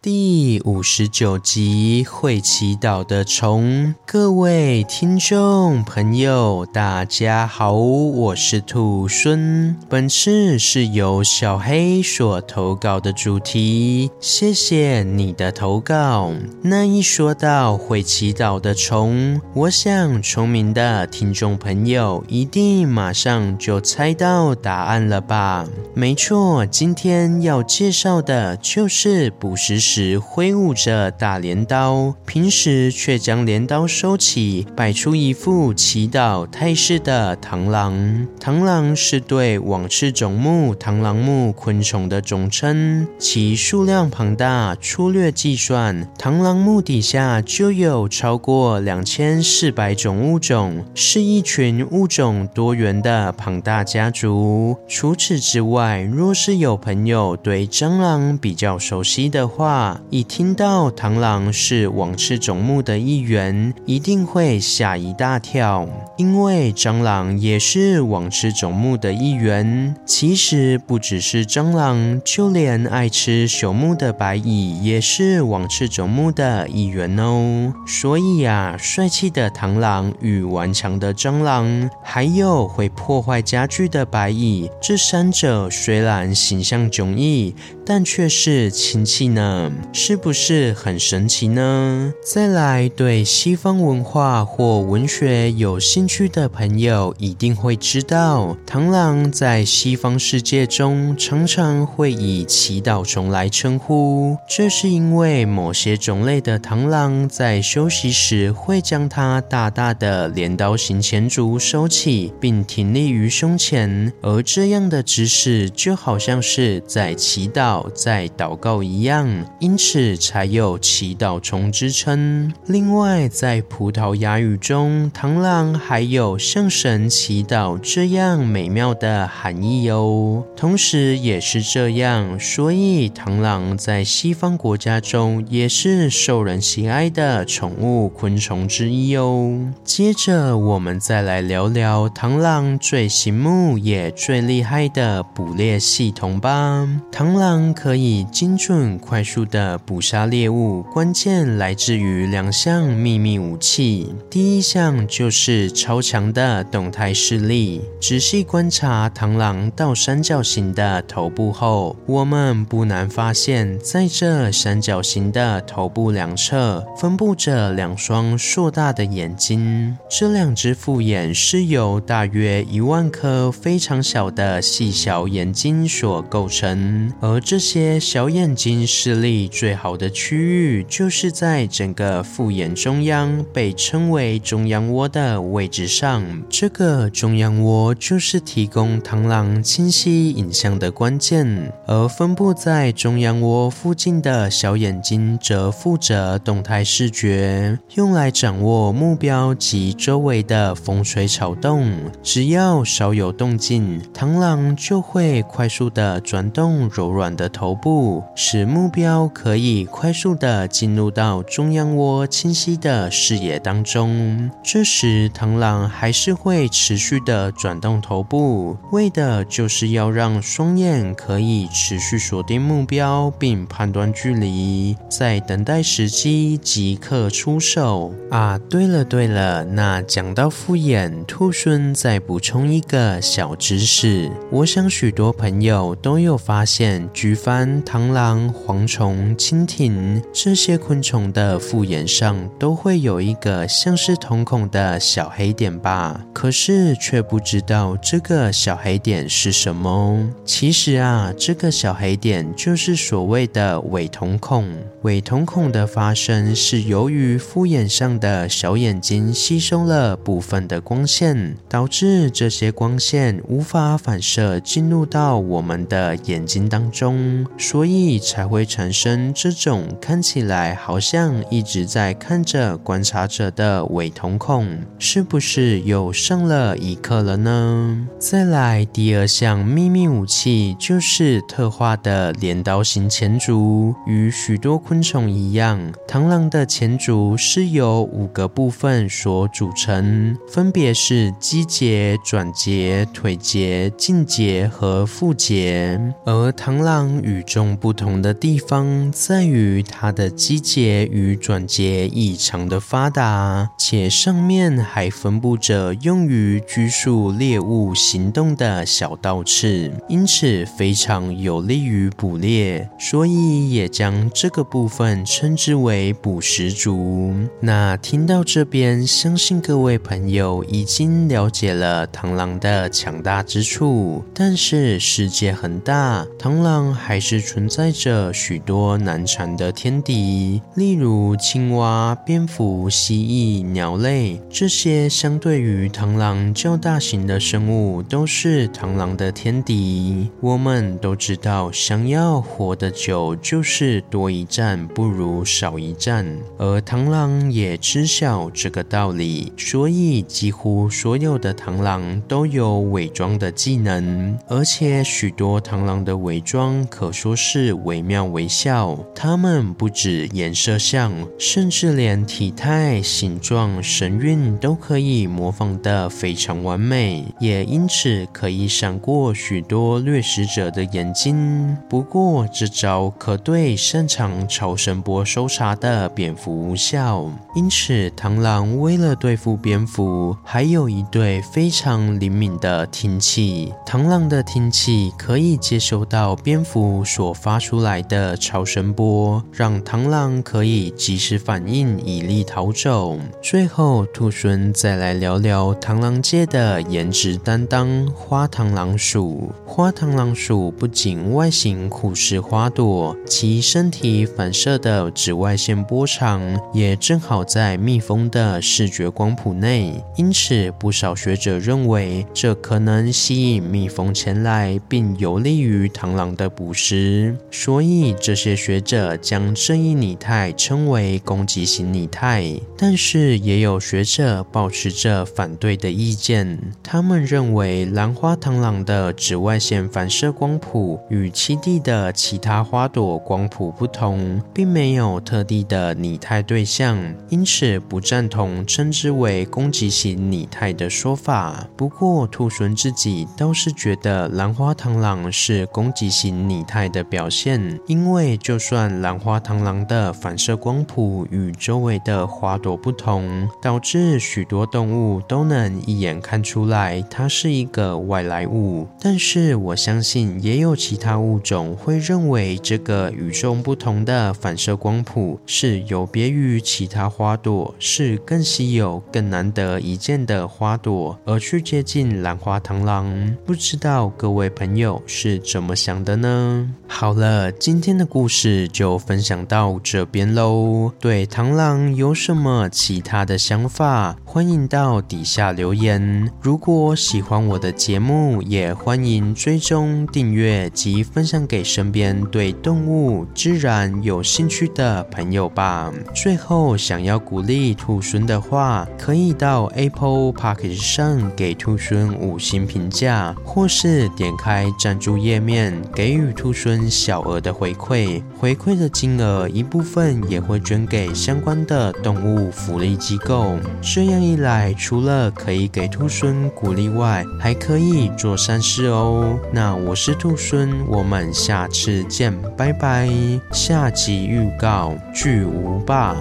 第五十九集會祈禱的蟲，各位聽眾朋友，大家好，我是兔猻。本次是由小黑所投稿的主題，謝謝你的投稿。那一說到會祈禱的蟲，我想聰明的聽眾朋友一定馬上就猜到答案了吧？沒錯，今天要介紹的就是捕食,食。時揮舞着大鐮刀，平時卻將鐮刀收起，擺出一副祈禱態勢的螳螂。螳螂是對網翅總目螳螂目昆蟲的總稱，其數量龐大，粗略計算，螳螂目底下就有超過兩千四百種物種，是一群物種多元的龐大家族。除此之外，若是有朋友對蟑螂比較熟悉的話，一聽到螳螂是網翅總目的一員，一定會嚇一大跳。因為蟑螂也是網翅總目的一員。其實不只是蟑螂，就連愛吃朽木的白蟻也是網翅總目的一員哦。所以啊，帥氣的螳螂與頑強的蟑螂，還有會破壞家具的白蟻，這三者雖然形象迥異。但卻是親戚呢，是不是很神奇呢？再來，對西方文化或文學有興趣的朋友，一定會知道，螳螂在西方世界中常常會以祈禱蟲來稱呼，這是因為某些種類的螳螂在休息時會將它大大的鐮刀形前足收起，並挺立於胸前，而這樣的姿勢就好像是在祈禱。在禱告一樣，因此才有“祈禱蟲”之稱。另外，在葡萄牙語中，螳螂還有“向神祈禱”這樣美妙的含義哦。同時也是這樣，所以螳螂在西方國家中也是受人喜愛的寵物昆蟲之一哦。接着，我們再來聊聊螳螂最醒目也最厲害的捕獵系統吧。螳螂。可以精準快速的捕殺獵物，關鍵來自於兩項秘密武器。第一項就是超強的動態視力。仔細觀察螳螂倒三角形的頭部後，我們不難發現，在這三角形的頭部兩側分佈着兩雙碩大的眼睛。這兩只複眼是由大約一萬顆非常小的細小眼睛所構成，而這。這些小眼睛視力最好的區域，就是在整個複眼中央，被稱為中央窩的位置上。這個中央窩就是提供螳螂清晰影像的關鍵，而分布在中央窩附近的小眼睛則負責動態視覺，用來掌握目標及周圍的風吹草動。只要稍有動靜，螳螂就會快速的轉動柔軟。的頭部，使目標可以快速的進入到中央窩清晰的視野當中。這時螳螂還是會持續的轉動頭部，為的就是要讓雙眼可以持續鎖定目標並判斷距離，在等待時機即刻出手。啊，對了對了，那講到複眼，兔猻再補充一個小知識，我想許多朋友都有發現。舉凡、螳螂、蝗蟲、蜻蜓這些昆蟲的複眼上都會有一個像是瞳孔的小黑點吧？可是卻不知道這個小黑點是什麼。其實啊，這個小黑點就是所謂的偽瞳孔。偽瞳孔的發生是由於複眼上的小眼睛吸收了部分的光線，導致這些光線無法反射進入到我們的眼睛當中。所以才會產生這種看起來好像一直在看着觀察者的偽瞳孔，是不是又上了一課了呢？再來第二項秘密武器就是特化的鎌刀型前足。與許多昆蟲一樣，螳螂的前足是由五個部分所組成，分別是基節、轉節、腿節、脛節和腹節，而螳螂。與眾不同的地方在於它的基節與轉節異常的發達，且上面還分布着用於拘束獵物行動的小倒刺，因此非常有利於捕獵，所以也將這個部分稱之為捕食足。那聽到這邊，相信各位朋友已經了解了螳螂的強大之處。但是世界很大，螳螂。還是存在着許多難纏的天敵，例如青蛙、蝙蝠、蜥蜴、蜥蜴、鳥類這些相對於螳螂較大型的生物，都是螳螂的天敵。我們都知道，想要活得久，就是多一戰不如少一戰，而螳螂也知曉這個道理，所以幾乎所有的螳螂都有偽裝的技能，而且許多螳螂的偽裝。可說是惟妙惟肖，它們不止顏色像，甚至連體態、形狀、神韻都可以模仿得非常完美，也因此可以閃過許多掠食者的眼睛。不過，這招可對擅長超聲波搜查的蝙蝠無效。因此，螳螂為了對付蝙蝠，還有一對非常靈敏的聽器。螳螂的聽器可以接收到蝙蝠。所發出來的超聲波，讓螳螂可以及時反應，以利逃走。最後，兔猻再來聊聊螳螂界的顏值擔當花——花螳螂屬。花螳螂屬不僅外形酷似花朵，其身體反射的紫外線波長也正好在蜜蜂的視覺光譜內，因此不少學者認為，這可能吸引蜜蜂前來，並有利於螳螂的捕。捕食，所以這些學者將這一擬態稱為攻擊型擬態。但是也有學者保持着反對的意見，他們認為蘭花螳螂的紫外線反射光譜與棲地的其他花朵光譜不同，並沒有特定的擬態對象，因此不贊同稱之為攻擊型擬態的說法。不過兔猻自己倒是覺得蘭花螳螂是攻擊型擬態的表現，因為就算蘭花螳螂的反射光譜與周圍的花朵不同，導致許多動物都能一眼看出來它是一個外來物。但是我相信也有其他物種會認為這個與眾不同的反射光譜是有別於其他花朵，是更稀有、更難得一見的花朵，而去接近蘭花螳螂。不知道各位朋友是怎麼想的呢？好了，今天的故事就分享到這邊嘍。對螳螂有什麼其他的想法？歡迎到底下留言。如果喜歡我的節目，也歡迎追蹤訂閱及分享給身邊對動物、自然有興趣的朋友吧。最後，想要鼓勵兔猻的話，可以到 Apple Podcast 上給兔猻五星評價，或是點開贊助頁面給予。兔猻小額的回饋，回饋的金額一部分也會捐給相關的動物福利機構。這樣一來，除了可以給兔猻鼓勵外，還可以做善事哦。那我是兔猻，我們下次見，拜拜。下集預告：巨無霸。